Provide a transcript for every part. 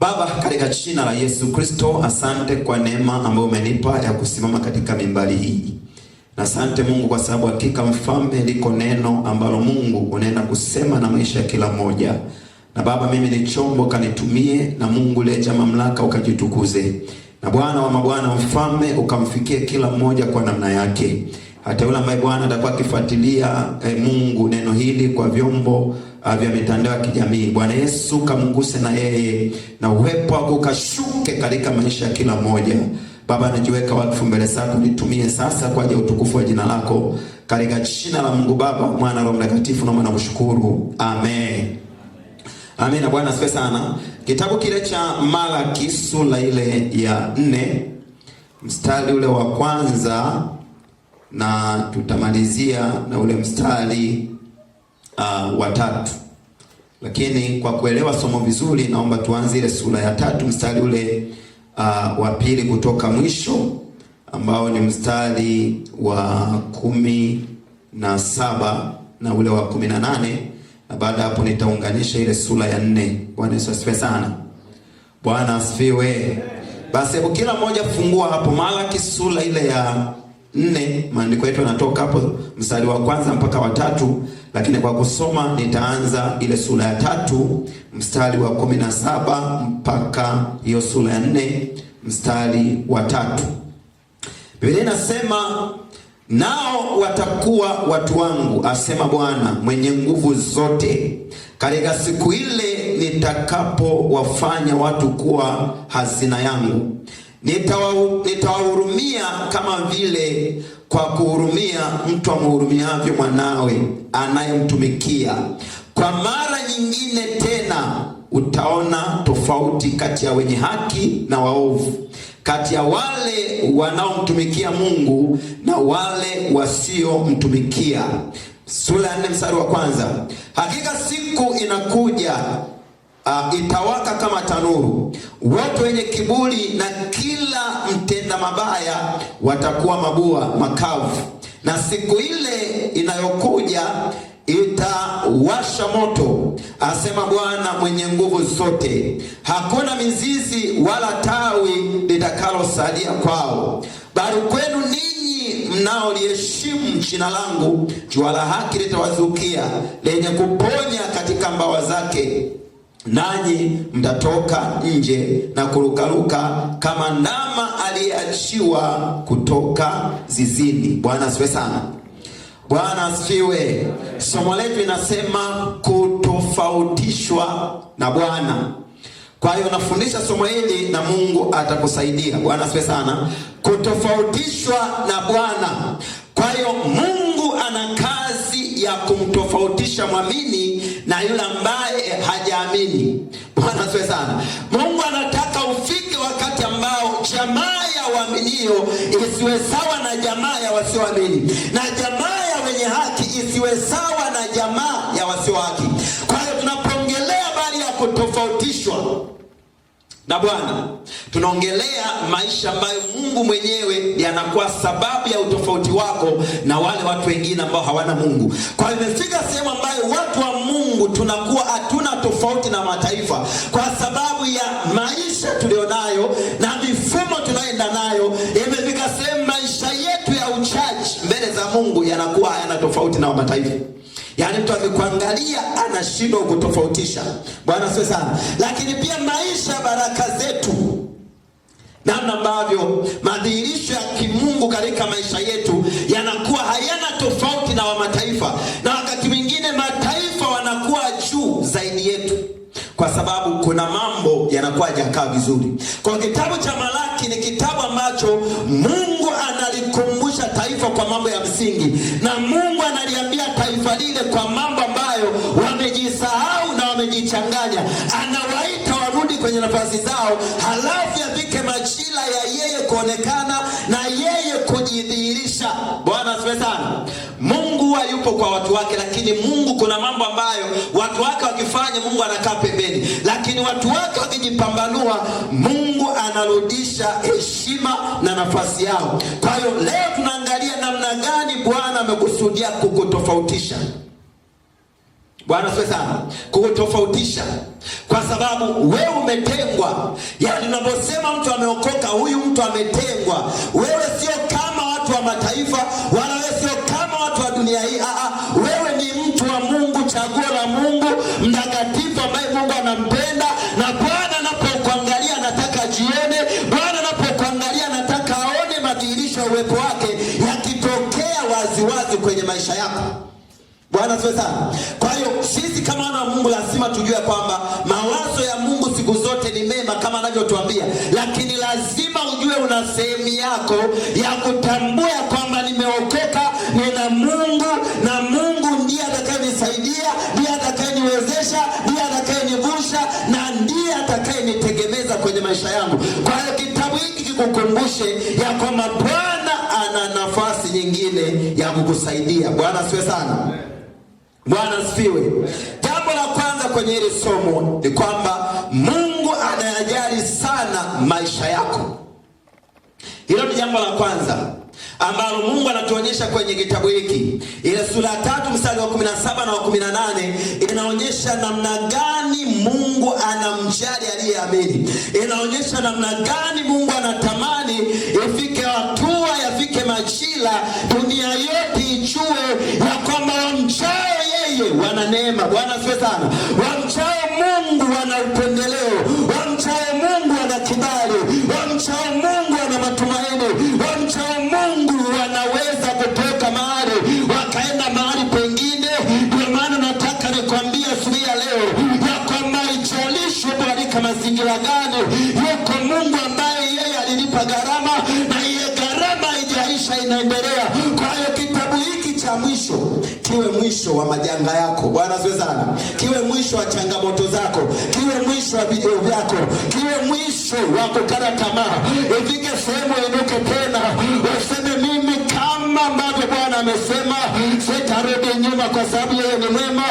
Baba, katika jina la Yesu Kristo, asante kwa neema ambayo umenipa ya kusimama katika mimbali hii, na asante Mungu kwa sababu hakika mfalme, liko neno ambalo Mungu unaenda kusema na maisha ya kila mmoja. Na Baba, mimi ni chombo, kanitumie. Na Mungu leja mamlaka, ukajitukuze. Na Bwana wa mabwana, mfalme, ukamfikie kila mmoja kwa namna yake, hata yule ambaye Bwana atakuwa akifuatilia eh, Mungu neno hili kwa vyombo Uh, vya mitandao ya kijamii. Bwana Yesu kamguse na yeye na uwepo wako ukashuke katika maisha ya kila mmoja. Baba, najiweka wakfu mbele zako, nitumie sasa kwa ajili ya utukufu wa jina lako, katika jina la Mungu Baba, Mwana, Roho Mtakatifu, naomba na kushukuru, amen. Amen na Bwana asifiwe sana. Kitabu kile cha Malaki sura ile ya nne mstari ule wa kwanza na tutamalizia na ule mstari uh, watatu. Lakini kwa kuelewa somo vizuri, naomba tuanze ile sura ya tatu mstari ule uh, wa pili kutoka mwisho ambao ni mstari wa kumi na saba na ule wa kumi na nane na baada hapo nitaunganisha ile sura ya nne. Bwana Yesu asifiwe sana. Bwana asifiwe. Basi hebu kila mmoja fungua hapo Malaki sura ile ya nne maandiko yetu yanatoka hapo mstari wa kwanza mpaka wa tatu, lakini kwa kusoma nitaanza ile sura ya tatu mstari wa kumi na saba mpaka hiyo sura ya nne mstari wa tatu. Biblia inasema nao watakuwa watu wangu, asema Bwana mwenye nguvu zote, katika siku ile nitakapowafanya watu kuwa hazina yangu nitawahurumia kama vile kwa kuhurumia mtu amhurumiavyo mwanawe anayemtumikia. Kwa mara nyingine tena utaona tofauti kati ya wenye haki na waovu, kati ya wale wanaomtumikia Mungu na wale wasiomtumikia. Sura ya 4 mstari wa kwanza. Hakika siku inakuja Uh, itawaka kama tanuru, watu wenye kiburi na kila mtenda mabaya watakuwa mabua makavu, na siku ile inayokuja itawasha moto, asema Bwana mwenye nguvu zote. Hakuna mizizi wala tawi litakalosalia kwao, bali kwenu ninyi mnaoliheshimu jina langu, jua la haki litawazukia, lenye kuponya katika mbawa zake nanyi mtatoka nje na kurukaruka kama ndama aliyeachiwa kutoka zizini. Bwana asifiwe sana. Bwana asifiwe. Somo letu inasema kutofautishwa na Bwana. Kwa hiyo nafundisha somo hili na Mungu atakusaidia. Bwana asifiwe sana. Kutofautishwa na Bwana. Kwa hiyo Mungu ya kumtofautisha mwamini na yule ambaye hajaamini. Bwana asifiwe sana. Mungu anataka ufike wakati ambao jamaa ya waaminio isiwe sawa na jamaa ya wasioamini, na jamaa ya wenye haki isiwe sawa na jamaa ya wasio haki. na Bwana. Tunaongelea maisha ambayo Mungu mwenyewe yanakuwa sababu ya utofauti wako na wale watu wengine ambao hawana Mungu. Kwa hiyo imefika sehemu ambayo watu wa Mungu tunakuwa hatuna tofauti na mataifa kwa sababu ya maisha tulionayo na mifumo tunayoenda nayo. Imefika sehemu maisha yetu ya uchaji mbele za Mungu yanakuwa hayana tofauti na mataifa. Yaani mtu amekuangalia anashindwa kutofautisha. Bwana asifiwe sana. Lakini pia maisha, baraka zetu, namna ambavyo madhihirisho ya kimungu katika maisha yetu yanakuwa hayana tofauti na wa mataifa, na wakati mwingine mataifa wanakuwa juu zaidi yetu, kwa sababu kuna mambo yanakuwa hajakaa vizuri. Kwa kitabu cha Malaki ni kitabu ambacho Mungu analikumbusha taifa kwa mambo ya msingi, na Mungu analiambia taifa lile kwa mambo ambayo wamejisahau na wamejichanganya, anawaita warudi kwenye nafasi zao, halafu yafike majira ya yeye kuonekana na yeye kujidhihirisha. Bwana asifiwe sana yupo kwa watu wake, lakini Mungu kuna mambo ambayo watu wake wakifanya, Mungu anakaa pembeni, lakini watu wake wakijipambanua, Mungu anarudisha heshima na nafasi yao. Kwa hiyo leo tunaangalia namna gani Bwana amekusudia kukutofautisha. Bwana sio sana, kukutofautisha kwa sababu wewe umetengwa. Yani unaposema mtu ameokoka, huyu mtu ametengwa, wewe sio kama watu wa mataifa, wala wewe sio dunia hii. Aa, ah, ah, wewe ni mtu wa Mungu, chaguo la Mungu, mtakatifu ambaye Mungu anampenda, na Bwana anapokuangalia anataka jione Bwana anapokuangalia anataka aone madhihirisho ya uwepo wake yakitokea waziwazi kwenye maisha yako. Bwana asifiwe sana. Kwa hiyo sisi kama wana wa Mungu lazima tujue kwamba mawazo ya Mungu siku zote ni mema kama anavyotuambia, lakini lazima ujue una sehemu yako ya kutambua kwamba nimeokoka, nina Mungu atakayenisaidia, ndiye atakayeniwezesha, ndiye atakayenivusha na ndiye atakayenitegemeza kwenye maisha yangu. Kwa hiyo kitabu hiki kikukumbushe ya kwamba Bwana ana nafasi nyingine ya kukusaidia. Bwana siwe sana, Bwana asifiwe. Jambo la kwanza kwenye hili somo ni kwamba Mungu anayajali sana maisha yako. Hilo ni jambo la kwanza ambalo Mungu anatuonyesha kwenye kitabu hiki, ile sura ya tatu mstari wa 17 na wa 18 inaonyesha namna gani Mungu anamjali aliyeamini, inaonyesha namna gani Mungu anatamani ifike hatua, yafike majira, dunia yote ijue ya kwamba wamchao yeye wana neema. Bwana asifiwe sana. Wamchao Mungu wana upendeleo, wamchao Mungu wana kibali, wamchao mwisho wa majanga yako. Bwana asifiwe sana. Kiwe mwisho wa changamoto zako, kiwe mwisho wa video vyako, kiwe mwisho wa kukata tamaa. Ifike sehemu inuke tena, waseme mimi kama ambavyo Bwana amesema, sitarudi nyuma, kwa sababu yeye ni mwema.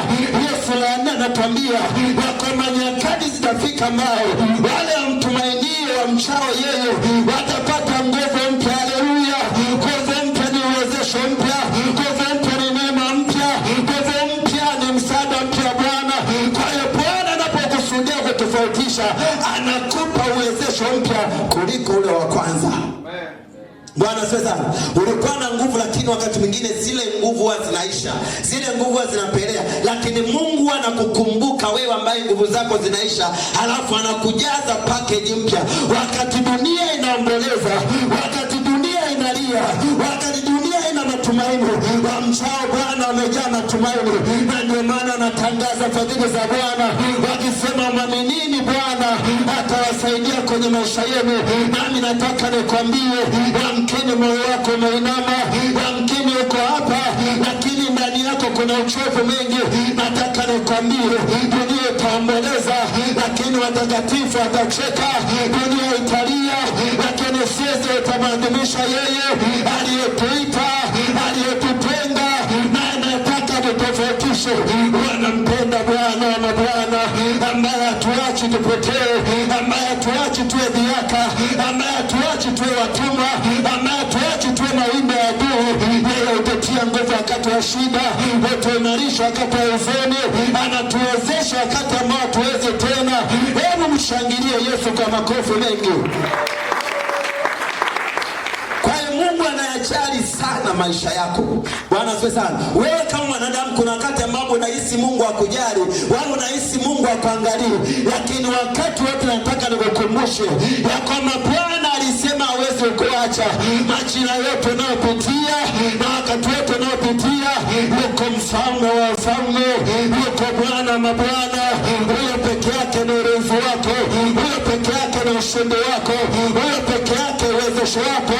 Yesu laana anatwambia wakoma nyakati zitafika mbao wale wamtumainio wamchao yeye watapata nguvu mpya. maisha, anakupa uwezesho mpya kuliko ule wa kwanza. Bwana sasa, Ulikuwa na nguvu, lakini wakati mwingine zile nguvu huwa zinaisha, zile nguvu huwa zinapelea, lakini Mungu anakukumbuka wewe ambaye nguvu zako zinaisha, halafu anakujaza pakeji mpya wakati dunia inaomboleza, wakati wanalia, wakati dunia ina matumaini, wamchao Bwana wamejaa matumaini. Na ndio maana anatangaza fadhili za Bwana, wakisema mwaminini Bwana atawasaidia kwenye maisha yenu. Nami nataka nikwambie, wamkini moyo wako umeinama, wamkini uko hapa, lakini ndani yako kuna uchovu mwingi. Nataka nikwambie, dunia itaomboleza, lakini watakatifu watacheka. Dunia ita kumdumisha yeye aliyetuita, aliyetupenda na anayetaka tutofautishe wanampenda Bwana na Bwana ambaye hatuachi tupotee, ambaye hatuachi tuwe viaka, ambaye hatuachi tuwe watumwa, ambaye hatuachi tuwe mawindo ya duu. Yeye hututia nguvu wakati wa shida, hutuimarisha wakati wa huzuni, anatuwezesha wakati ambao tuweze tena. Hebu mshangilie Yesu kwa makofi mengi. umejali sana maisha yako. Bwana asifiwe sana. Wewe kama mwanadamu, kuna wakati ambapo unahisi Mungu akujali wewe unahisi Mungu akuangalie, lakini wakati wote nataka nikukumbushe ya kwamba Bwana alisema hawezi kuacha majira yote unayopitia na wakati wote unayopitia. Yuko mfalme wa wafalme, yuko Bwana mabwana, huyo peke yake ni urefu wako, huyo peke yake ni ushindi wako, huyo kesho yako.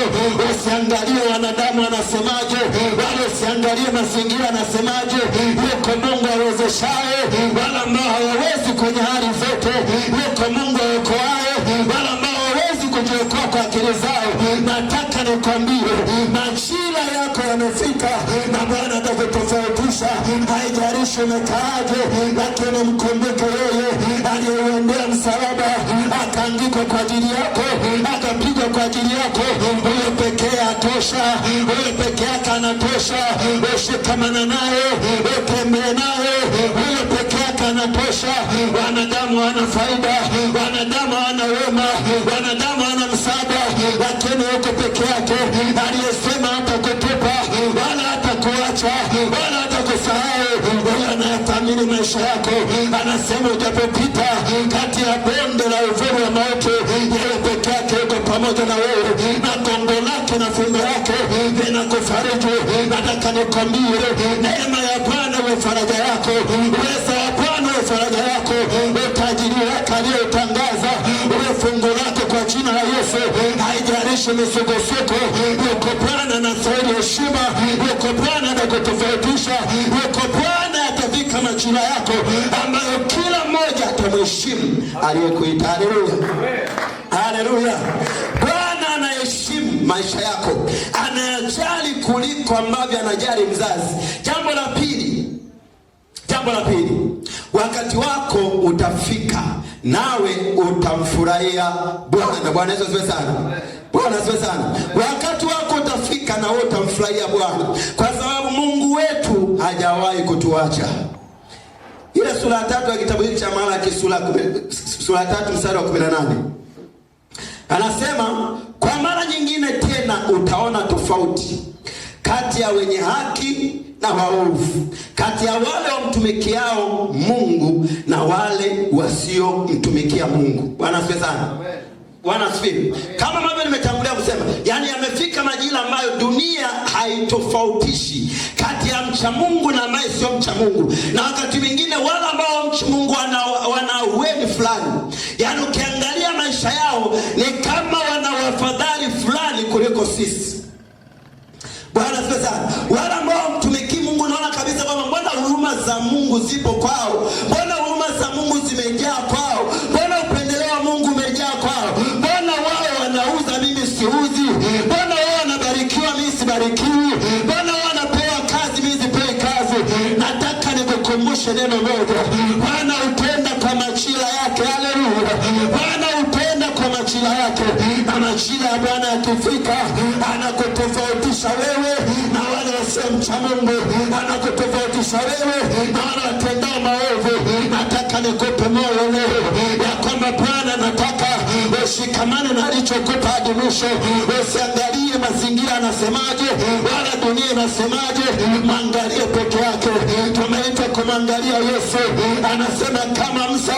Usiangalie wanadamu anasemaje wala usiangalie mazingira anasemaje. Yuko Mungu awezeshaye wala ambao hawawezi kwenye hali zote. Yuko Mungu aokoaye wala ambao hawawezi kujiokoa kwa akili zao. Nataka nikwambie majira yako yamefika. Inasemekaje? Lakini mkumbuke yeye aliyeuendea msalaba, akaangikwa kwa ajili yako, akapigwa kwa ajili yako. Huyo pekee atosha, huyo pekee yake anatosha. Ushikamana naye, utembee naye, huyo pekee yake anatosha. Wanadamu wana faida, wanadamu wana wema, wanadamu wana msaada, lakini yuko peke yake aliyesema hatakutupa wala hatakuacha wala kuamini maisha yako. Anasema utapopita kati ya bonde la uvuli wa mauti, yeye peke yake yuko pamoja na wewe, na gongo lake na fimbo yake vinakufariji. Nataka nikwambie neema ya Bwana wa faraja yako, uweza wa Bwana wa faraja yako, utajiri wake aliyotangaza uwe fungu lake kwa jina la Yesu. Haijalishi misukosuko, yuko Bwana na sauli heshima, yuko Bwana na kutofautisha, yuko Bwana majina yako ambayo kila mmoja atamheshimu aliyekuita. Haleluya, haleluya. Bwana anaheshimu maisha yako, anayajali kuliko ambavyo anajali mzazi. Jambo la pili, jambo la pili, wakati wako utafika nawe utamfurahia Bwana. Bwana Yesu asifiwe sana. Bwana asifiwe sana. Wakati wako utafika na wewe utamfurahia Bwana, kwa sababu Mungu wetu hajawahi kutuacha ile sura tatu ya kitabu hiki cha Malaki sura, sura tatu mstari wa 18 anasema, kwa mara nyingine tena utaona tofauti kati ya wenye haki na waovu, kati ya wale wamtumikiao Mungu na wale wasiomtumikia Mungu. Bwana asifiwe sana. Bwana asifiwe. Kama ambavyo nimetangulia kusema, yani yamefika majira ambayo dunia haitofautishi kati mcha Mungu na ambaye sio mcha Mungu, na wakati mwingine wale ambao mcha Mungu wana, wana uweni fulani, yaani ukiangalia maisha yao ni kama wana wafadhali fulani kuliko sisi. Bwana asifiwe sana. Wale ambao mtumiki Mungu naona kabisa kwamba mbona huruma za Mungu zipo kwao, mbona huruma za Mungu zimejaa kwao tulilishe neno moja. Bwana utenda kwa majira yake. Haleluya! Bwana utenda kwa majira yake, na majira ya Bwana yakifika, anakutofautisha wewe na wale wasiomcha Mungu, anakutofautisha wewe na wale watendao maovu. Nataka nikupe moyo leo ya kwamba Bwana nataka ushikamane na alichoku tudumishe, usiangalie mazingira anasemaje, wala dunia inasemaje, mwangalie peke yake. Tumeita kumwangalia Yesu. Anasema kama Musa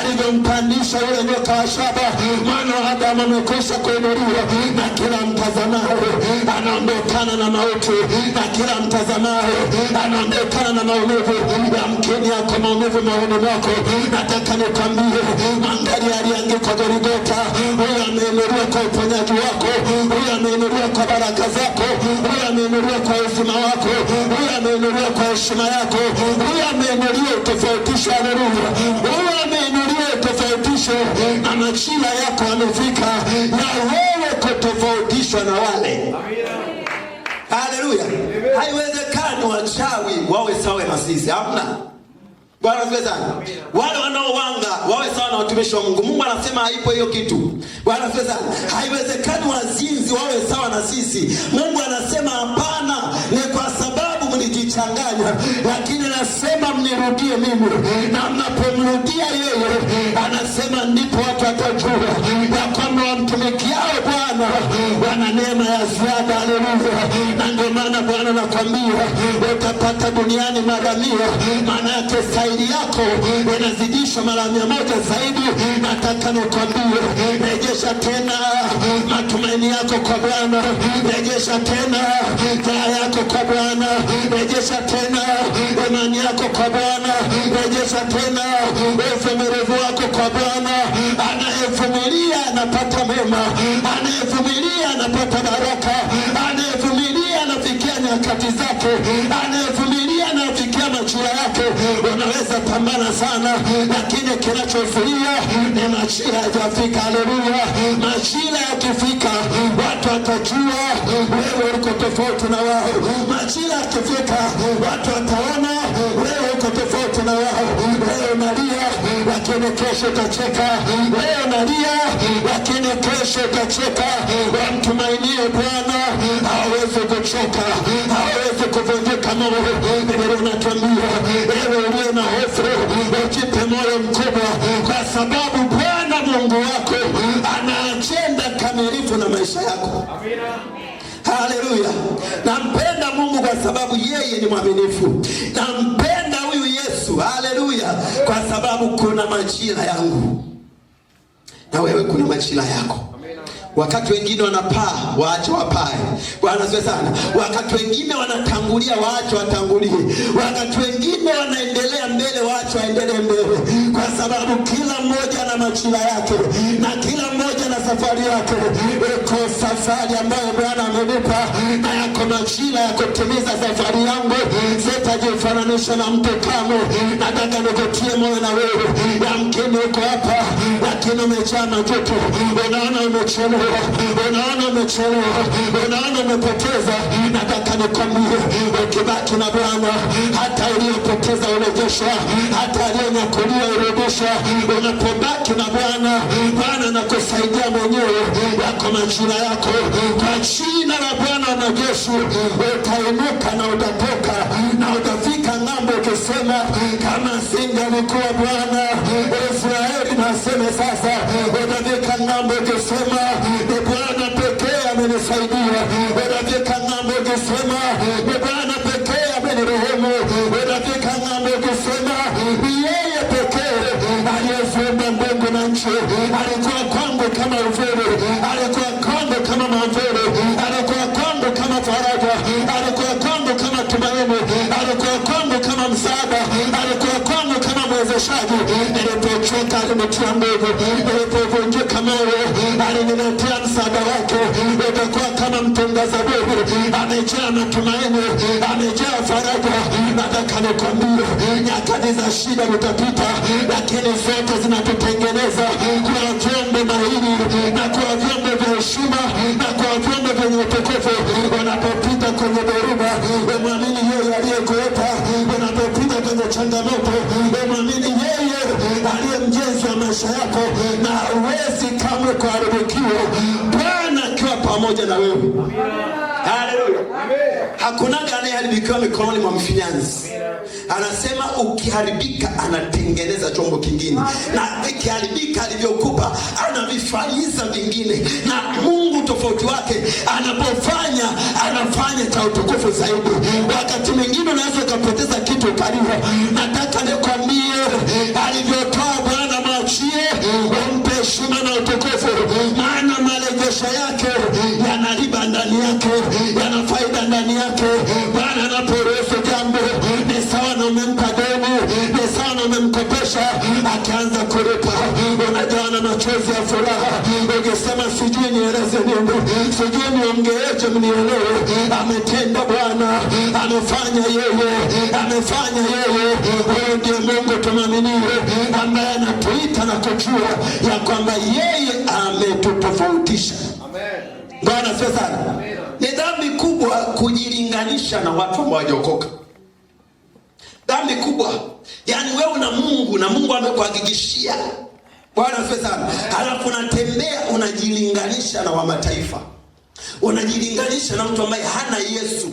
alivyompandisha yule nyoka wa shaba, mwana wa Adamu amekwisha kuinuliwa, na kila mtazamaye anaondokana na mauti, na kila mtazamaye anaondokana na maumivu. Yamkini yako maumivu maoni mwako, nataka nikwambie, mwangalia aliangikwa Golgotha, huyo ameinuliwa kwa uponyaji wako, huyu ameinuliwa kwa baraka zako, huyu ameinuliwa kwa uzima wako, huyu ameinuliwa kwa heshima yako, huyu ameinuliwa utofautisha. Haleluya, huyu ameinuliwa utofautisho na majira yako amefika, na wewe kutofautishwa na wale. Haleluya, haiwezekani wachawi wawe sawa na sisi, hamna Bwana asifiwe sana. Wale wanaowanga wawe sawa na watumishi wa Mungu. Mungu anasema haipo hiyo kitu. Bwana asifiwe sana. Haiwezekani wazinzi wawe sawa na sisi. Mungu anasema hapana, ni kwa sababu mlijichanganya. Lakini anasema mnirudie mimi, na mnapomrudia yeye anasema ndipo watu watajua ya kwamba wamtumikiao Bwana wana neema ya ziada. Haleluya! Na ndio maana Bwana anakwambia utapata duniani mara mia, maana yake staili yako inazidishwa mara mia moja zaidi. Nataka nikwambie, rejesha tena matumaini yako kwa Bwana, rejesha tena taa yako kwa Bwana, rejesha tena imani imani yako kwa Bwana, rejesha tena uvumilivu wako kwa Bwana. Anayevumilia anapata mema, anayevumilia anapata baraka, anayevumilia anafikia nyakati zake, anayevumilia anafikia majira yake. Unaweza pambana sana, lakini kinachofulia ni majira yajafika. Haleluya! majira yakifika Watatujua wewe uko tofauti na wao. Majira yakifika, watu wataona wewe uko tofauti na wao. Wewe nalia, lakini kesho utacheka. Wewe nalia, lakini kesho utacheka. Wamtumainie Bwana, hawezi kuchoka, hawezi kuvunjika moyo. Ndio inatuambia wewe ulio na hofu, ujipe moyo mkubwa, kwa sababu Bwana Mungu wako maisha yako. Haleluya! Nampenda Mungu kwa sababu yeye ni mwaminifu. Nampenda huyu Yesu, haleluya, kwa sababu kuna majira yangu na wewe kuna majira yako. Wakati wengine wanapaa waache wapae. Bwana sio sana. Wakati wengine wanatangulia waache watangulie. Wakati wengine wanaendelea mbele waache waendelee mbele, kwa sababu kila mmoja ana majira yake na kila mmoja na safari yake. Iko safari ambayo Bwana amenipa na yako majira ya kutimiza safari yangu. Sitajifananisha na mtu kamwe. Nataka nikutie moyo na wewe, yamkini uko hapa lakini umejaa majuto, unaona umechelewa Unaona umechelewa, unaona umepoteza. Nataka nikwambie, ukibaki na Bwana, hata uliyopoteza urejesha, hata aliyenyakulia urejesha. Unapobaki na Bwana, Bwana nakusaidia mwenyewe yako majira yako. Kwa jina la Bwana na Yesu utainuka na uta na ndogo ilipovunjika moyo, aliniletea msaada wako. Utakuwa kama mtunga zaburi amejaa matumaini, amejaa faraja. Nataka nikwambie, nyakati za shida zitapita, lakini zote zinatutengeneza kuwa vyombo mahiri na kuwa vyombo vya heshima na kuwa vyombo vyenye utukufu. Wanapopita kwenye dhoruba, wamwamini yeye aliyekuweka. Wanapopita kwenye changamoto maisha yako, na uwezi kamwe kuharibikiwa. Bwana akiwa pamoja na wewe, haleluya. Hakunaga anayeharibikiwa mikononi mwa mfinyanzi. Anasema ukiharibika, anatengeneza chombo kingine, na ikiharibika alivyokupa anavifanyiza vingine. Na Mungu tofauti wake, anapofanya anafanya cha utukufu zaidi. Wakati mwingine unaweza ukapoteza kitu karibu. Nataka nikwambie alivyotoa mwangusie wampe heshima na utukufu, maana marejesho yake yana riba ndani yake, yana faida ndani yake. Bwana anaporuhusu jambo ni sawa na umempa deni, ni sawa na umemkopesha, akianza kulipa machozi ya furaha, ungesema sijui nieleze nini, sijui niomgeeje mnielewe. Ametenda Bwana, amefanya yeye, amefanya yeye. Huyo ndiye Mungu tumaminiwe, ambaye anatuita na kujua ya kwamba yeye ametutofautisha. Bwana sio sana. Ni dhambi kubwa kujilinganisha na watu ambao hawajaokoka, dhambi kubwa. Yaani wewe na Mungu na Mungu amekuhakikishia Bwana asifiwe sana. Halafu unatembea unajilinganisha na wa mataifa, unajilinganisha na mtu ambaye hana Yesu,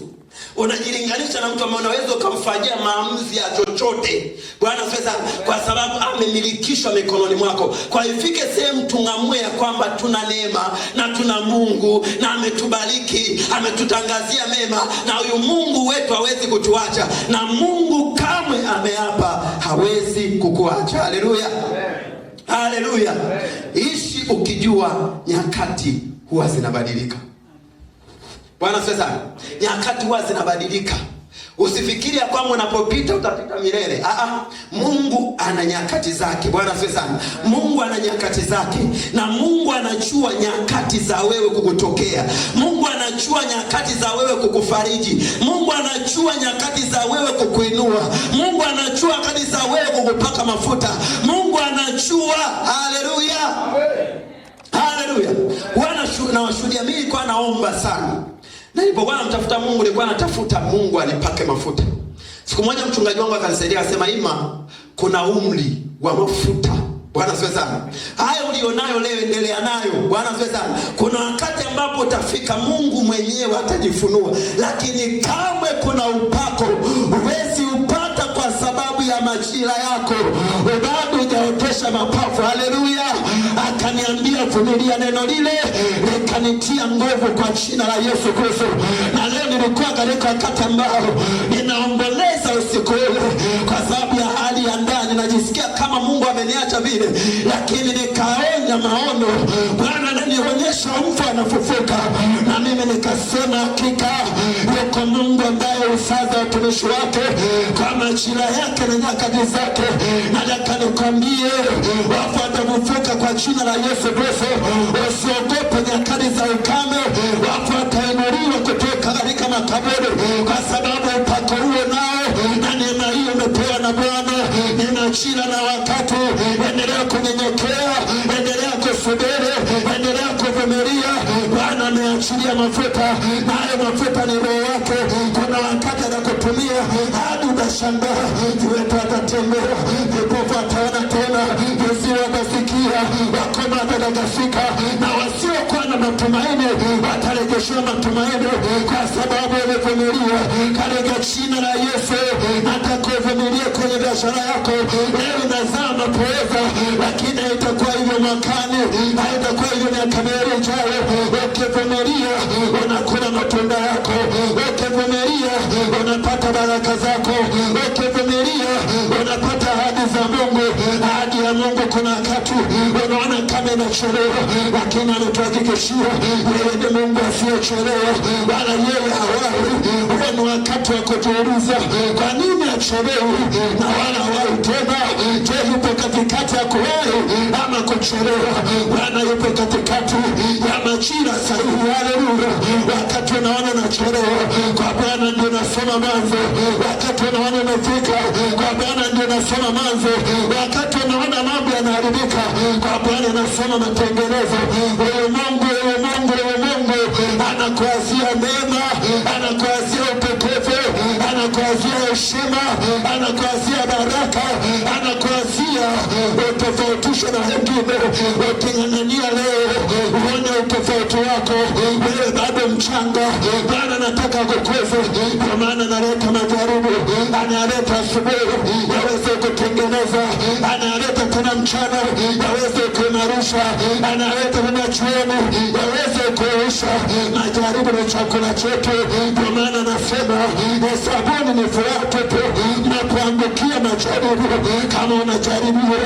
unajilinganisha na mtu ambaye unaweza ukamfanyia maamuzi ya chochote. Bwana asifiwe sana, kwa sababu amemilikishwa mikononi mwako. Kwa ifike sehemu tung'amue ya kwamba tuna neema na tuna Mungu na ametubariki, ametutangazia mema, na huyu Mungu wetu hawezi kutuacha, na Mungu kamwe ameapa hawezi kukuacha. Haleluya. Haleluya! Ishi ukijua nyakati huwa zinabadilika. Bwana sasa, nyakati huwa zinabadilika. Usifikiri kwamba unapopita utapita milele. Aa, ah, ah. Mungu ana nyakati zake. Bwana asifiwe sana. Mungu ana nyakati zake, na Mungu anajua nyakati za wewe kukutokea. Mungu anajua nyakati za wewe kukufariji. Mungu anajua nyakati za wewe kukuinua. Mungu anajua nyakati za wewe kukupaka mafuta. Mungu anajua. Haleluya, haleluya. Wanashuhudia, nawashuhudia mimi, kwa naomba sana na nilipokuwa namtafuta Mungu, nilikuwa natafuta Mungu anipake mafuta. Siku moja mchungaji wangu akanisaidia akasema, Ima, kuna umri wa mafuta Bwana asifiwe sana. Hayo ulionayo leo endelea nayo. Bwana asifiwe sana. Kuna wakati ambapo utafika Mungu mwenyewe atajifunua, lakini kamwe kuna upako uwezi upata kwa sababu ya majira yako, bado hujaotesha mapafu. Haleluya! Akaniambia vumilia neno lile, likanitia nguvu kwa jina la Yesu Kristo. Na leo nilikuwa katika wakati ambao ninaombolea siku ile, kwa sababu ya hali ya ndani. Najisikia kama Mungu ameniacha vile, lakini nikaona maono, Bwana ananionyesha mfu anafufuka, na mimi nikasema hakika yuko Mungu ambaye usaza watumishi wake kwa majira yake na nyakati zake. Nataka nikwambie, wafu watafufuka kwa jina la Yesu Kristo. Usiogope nyakati za ukame, wafu watainuliwa kutoka katika makaburi, kwa sababu upako huo nao ishirini na watatu. Endelea kunyenyekea, endelea kusubiri, endelea kuvumilia. Bwana ameachilia mafuta, nayo mafuta ni roho yake. Kuna wakati anakutumia watashangaa, viwete watatembea, vipofu wataona tena, viziwi watasikia, wakoma watatakasika, na wasiokuwa na matumaini watarejeshwa matumaini, kwa sababu wamevumilia. Katika jina la Yesu, natakuvumilia kwenye biashara yako. Leo nazaa mapoweza, lakini haitakuwa hivyo mwakani, haitakuwa hivyo miaka miwili ijayo. Ukivumilia unakula matunda yako, ukivumilia unapata baraka zako wakivumilia wanapata ahadi za Mungu. Ahadi ya Mungu kuna wakati wanaona anachelewa, lakini anatuhakikishia wewe ni Mungu asiyechelewa wala yeye hawahi. Huo ni wakati wa kujiuliza kwa nini achelewi na wala hawahi tena. Je, yupo katikati ya kuwahi ama kuchelewa? Bwana yupo katikati ya majira sahihi. Haleluya! Wakati unaona nachelewa, kwa Bwana ndio nasema mwanzo. Wakati unaona umefika, kwa Bwana ndio nasema mwanzo. Wakati unaona mambo yanaharibika, kwa Bwana nasema mema natengeneza. Ewe Mungu, ewe Mungu, ewe Mungu, anakuazia mema, anakuazia anakuazia heshima, anakuazia baraka, anakuazia utofautisho na wengine. Waking'ang'ania leo, uone utofauti wako, wewe bado mchanga. Bwana anataka kukuza, kwa maana analeta majaribu, analeta asubuhi yaweze kutengeneza, analeta tena mchana yaweze kuimarisha, analeta tena jioni yaweze kuisha majaribu na chakula chetu, kwa maana anasema sabuni ni furaha tupu inapoangukia majaribu. Kama unajaribiwa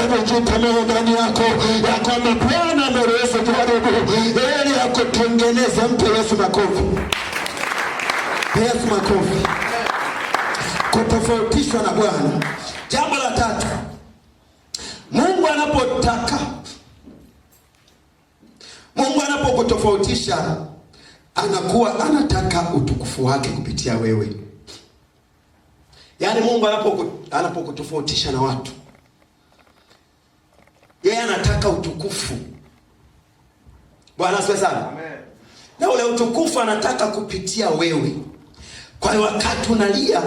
yanajitolea ndani yako ya kwamba Bwana ameruhusu jaribu ili akutengeneze Mpe Yesu makofi, Yesu makofi, kutofautishwa na Bwana. Jambo la tatu, Mungu anapotaka, Mungu anapokutofautisha anakuwa anataka utukufu wake kupitia wewe. Yaani Mungu anapokutofautisha na watu, yeye anataka utukufu. Bwana asifiwe sana. Amen. Na ule utukufu anataka kupitia wewe. Kwa hiyo wakati unalia,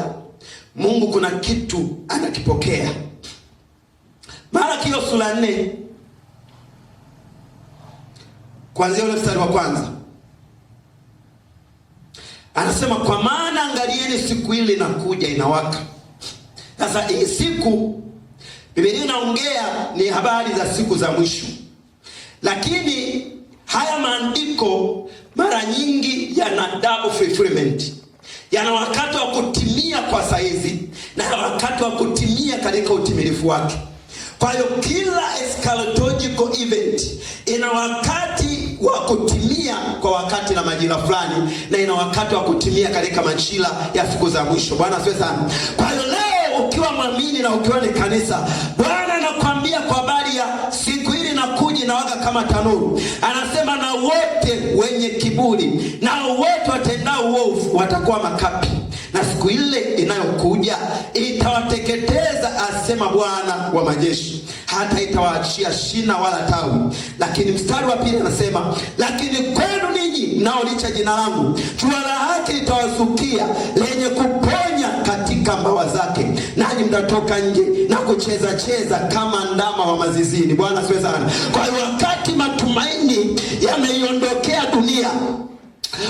Mungu kuna kitu anakipokea. Malaki hiyo sura nne kuanzia ule mstari wa kwanza Anasema kwa maana angalieni, siku ile inakuja inawaka. Sasa hii siku Biblia inaongea ni habari za siku za mwisho, lakini haya maandiko mara nyingi yana double fulfillment, yana wakati wa kutimia kwa saizi na wakati wa kutimia katika utimilifu wake. Kwa hiyo kila eschatological event ina wakati wa kutimia kwa wakati na majira fulani, na ina wakati wa kutimia katika majira ya siku za mwisho. Bwana asifiwe sana. Kwa hiyo leo ukiwa mwamini na ukiwa ni kanisa, Bwana anakuambia kwa habari ya siku hili nakuja, inawaga kama tanuru. Anasema na wote wenye kiburi na wote watendao uovu watakuwa makapi na siku ile inayokuja itawateketeza, asema Bwana wa majeshi hata itawaachia shina wala tawi. Lakini mstari wa pili anasema, lakini kwenu ninyi mnaolicha jina langu, jua la haki litawazukia lenye kuponya katika mbawa zake, nanyi mtatoka nje na kucheza cheza kama ndama wa mazizini. Bwana siwe sana. Kwa hiyo wakati matumaini yameiondokea dunia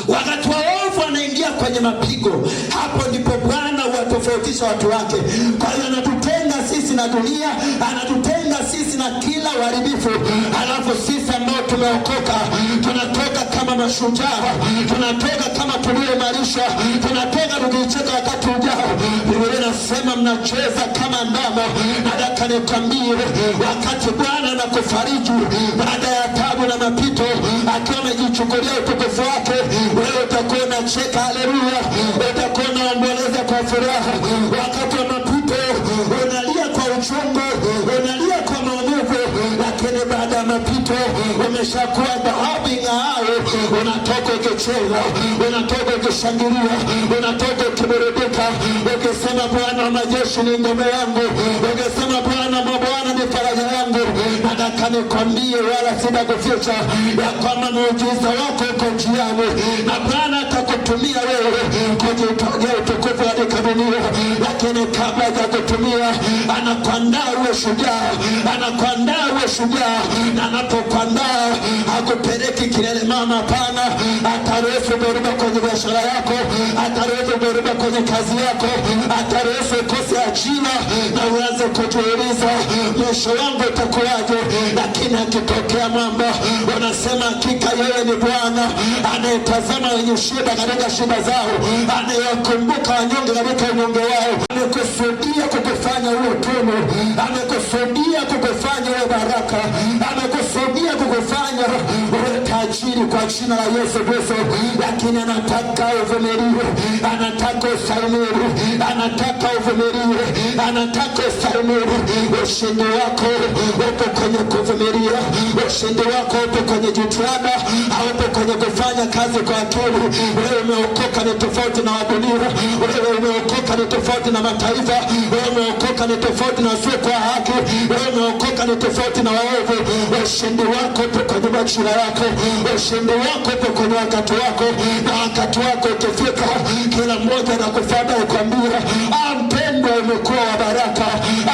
Wakati waovu wanaingia kwenye mapigo, hapo ndipo Bwana huwatofautisha watu wake. Kwa hiyo anatutenga sisi na dunia, anatutenga sisi na kila uharibifu, alafu sisi ambao tumeokoka tunatoka kama mashujaa, tunatoka maisha tunatoka tukicheka wakati ujao. Biblia inasema mnacheza kama ndama. Nataka nikwambie, wakati Bwana anakufariji baada ya tabu na mapito, akiwa amejichukulia utukufu wake, wewe utakuwa unacheka. Haleluya! utakuwa unaomboleza kwa furaha. Wakati wa mapito unalia kwa uchungu, unalia mto umeshakuwa dhahabu ing'aayo, unatoka ukicheza, unatoka ukishangilia, unatoka ukiburudika, ukisema Bwana wa majeshi ni ngome yangu, ukisema Bwana mabwana ni faraja yangu. Nataka nikwambie, wala sitakuficha ya kwamba muujiza wako uko njiani, na Bwana atakutumia wewe kujitogea utukufu katika dunia, lakini kabla ya kutumia anakuandaa uwe shujaa, anakuandaa uwe shujaa na kukuandaa akupeleki kilele mama, hapana. Ataruhusu dhoruba kwenye biashara yako, ataruhusu dhoruba kwenye kazi yako, ataruhusu ukose ajira na uanze kujiuliza mwisho wangu utakuwaje? Lakini akitokea mambo, wanasema hakika yeye ni Bwana anayetazama wenye shida katika shida zao, anayewakumbuka wanyonge katika unyonge wao. Amekusudia kukufanya uwe tunu, amekusudia kukufanya uwe baraka, amekusudia anakuja kukufanya tajiri kwa jina la Yesu Kristo, lakini anataka uvumiliwe, anataka ustahimili, anataka uvumiliwe, anataka ustahimili. Ushindi wako upo kwenye kuvumilia, ushindi wako upo kwenye jitihada, haupo kwenye kufanya kazi kwa akili. Wewe umeokoka, ni tofauti na wadunia. Wewe umeokoka umeokoka ni tofauti na mataifa, umeokoka ni tofauti na sio kwa haki, umeokoka ni tofauti na waovu. Ushindi wako upo kwenye majira yako, ushindi wako upo kwenye wakati wako, na wakati wako ukifika, kila mmoja anakufuata kukwambia, ampendo ah, umekuwa wa baraka,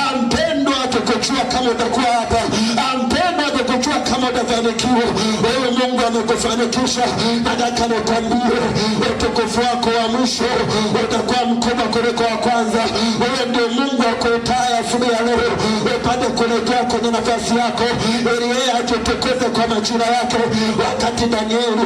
ampendwa, ah, tukujua kama utakuwa hapa ah, kama atafanikiwa. wewe, Mungu amekufanikisha. Nataka nikwambie utukufu wako wa mwisho utakuwa mkubwa kuliko wa kwanza. Wewe ndio Mungu akuitaa asubuhi ya leo upate kuletea kwenye nafasi yako, ili yeye ajitukuze kwa majina yake. Wakati Danieli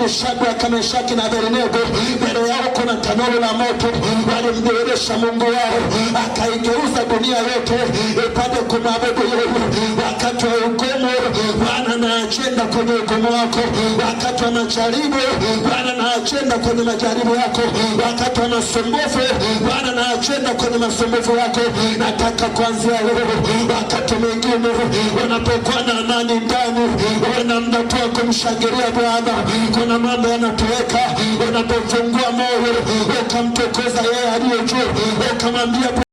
na Shadraka, Meshaki na Abednego mbele yao kuna tanuru la moto, walimdhihirisha Mungu wao, akaigeuza dunia yote ipate kumwabudu yeye wakati wa ugumu Bwana na ajenda kwenye ukomo wako, wakati wa majaribu Bwana na ajenda kwenye majaribu yako, wakati wa masumbufu Bwana na ajenda kwenye masumbufu yako. Nataka kuanzia leo, wakati mwingine unapokuwa na amani ndani, uwe na muda tu wa kumshangilia Bwana. Kuna mambo yanatoweka wanapofungua moyo ukamtukuza yeye aliye juu, ukamwambia